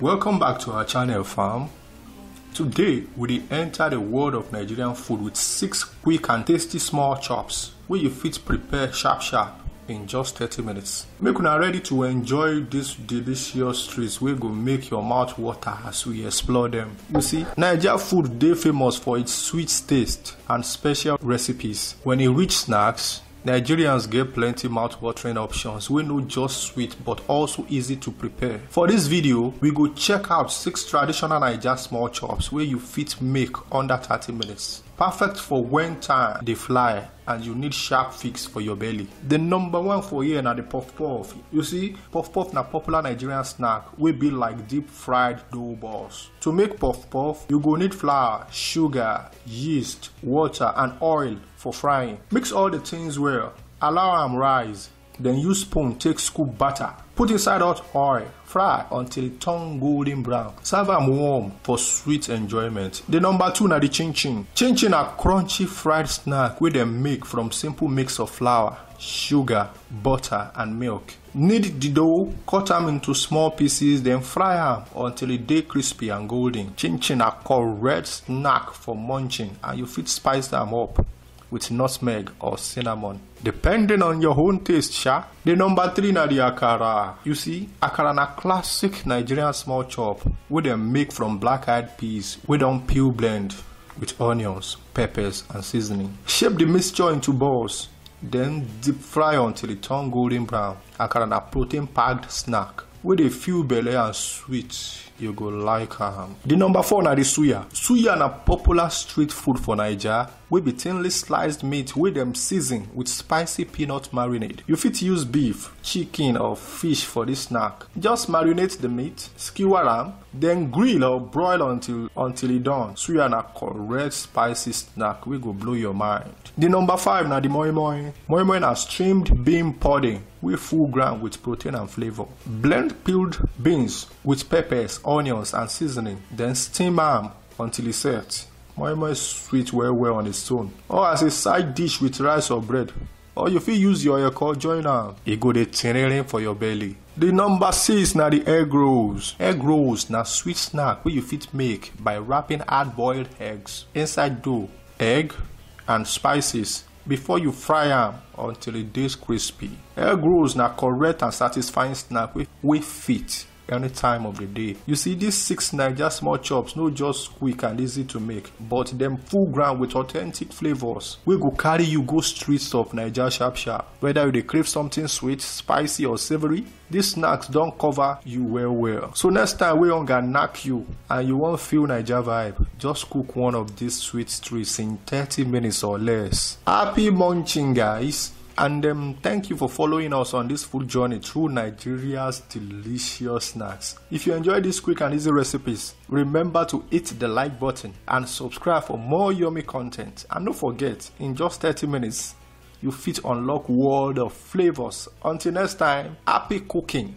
Welcome back to our channel fam. Today we enter the world of Nigerian food with 6 quick and tasty small chops wey you fit prepare sharp sharp in just 30 minutes. Make una ready to enjoy these delicious treats wey go make your mouth water as we explore them. You see, Nigerian food is famous for its sweet taste and special recipes. When e reach snacks, Nigerians get plenty mouth-watering options We know just sweet but also easy to prepare. For this video, we go check out 6 traditional Niger small chops where you fit make under 30 minutes. Perfect for when time they fly and you need sharp fix for your belly. The number one for here now the puff puff. You see, puff puff na popular Nigerian snack will be like deep fried dough balls. To make puff puff, you go need flour, sugar, yeast, water and oil for frying. Mix all the things well, allow them rise, then use spoon take scoop batter Put inside hot oil. Fry until it turn golden brown. Serve them warm for sweet enjoyment. The number two na the chin chin. Chin chin na crunchy fried snack wey them make from simple mix of flour, sugar, butter and milk. Knead the dough, cut them into small pieces, then fry them until e dey crispy and golden. Chin chin na red snack for munching and you fit spice them up. with nutmeg or cinnamon. Depending on your own taste, sha. The number three na the akara. You see, akara na classic Nigerian small chop with a make from black-eyed peas without peel blend with onions, peppers and seasoning. Shape the mixture into balls then deep fry until it turn golden brown. Akara na protein packed snack with a few belly and sweet you go like am. The number four na the suya. Suya na popular street food for Niger with be thinly sliced meat with them seasoning with spicy peanut marinade. You fit use beef, chicken or fish for this snack. Just marinate the meat, skewer them, then grill or broil until until it done. Suya na correct spicy snack We go blow your mind. The number five na the moi moi. Moi moi na steamed bean pudding with full ground with protein and flavour. Blend peeled beans with peppers onions and seasoning, then steam ham until it's set. Moi moi sweet well well on its own. Or as a side dish with rice or bread. Or you fit use your eko join am. E go dey tinrin for your belly. The number six na the egg rolls. Egg rolls na sweet snack wey you fit make by wrapping hard boiled eggs inside dough, egg and spices before you fry am until e dey crispy. Egg rolls na correct and satisfying snack wey fit any time of the day. You see these six Niger small chops no just quick and easy to make but them full ground with authentic flavours We go carry you go streets of Niger sharp sharp. Whether you crave something sweet, spicy or savoury, these snacks don't cover you well well. So next time we gonna knock you and you won't feel Niger vibe, just cook one of these sweet treats in 30 minutes or less. Happy munching guys! And um, thank you for following us on this food journey through Nigeria's delicious snacks. If you enjoy these quick and easy recipes, remember to hit the like button and subscribe for more yummy content. And don't forget, in just 30 minutes, you fit unlock world of flavors. Until next time, happy cooking!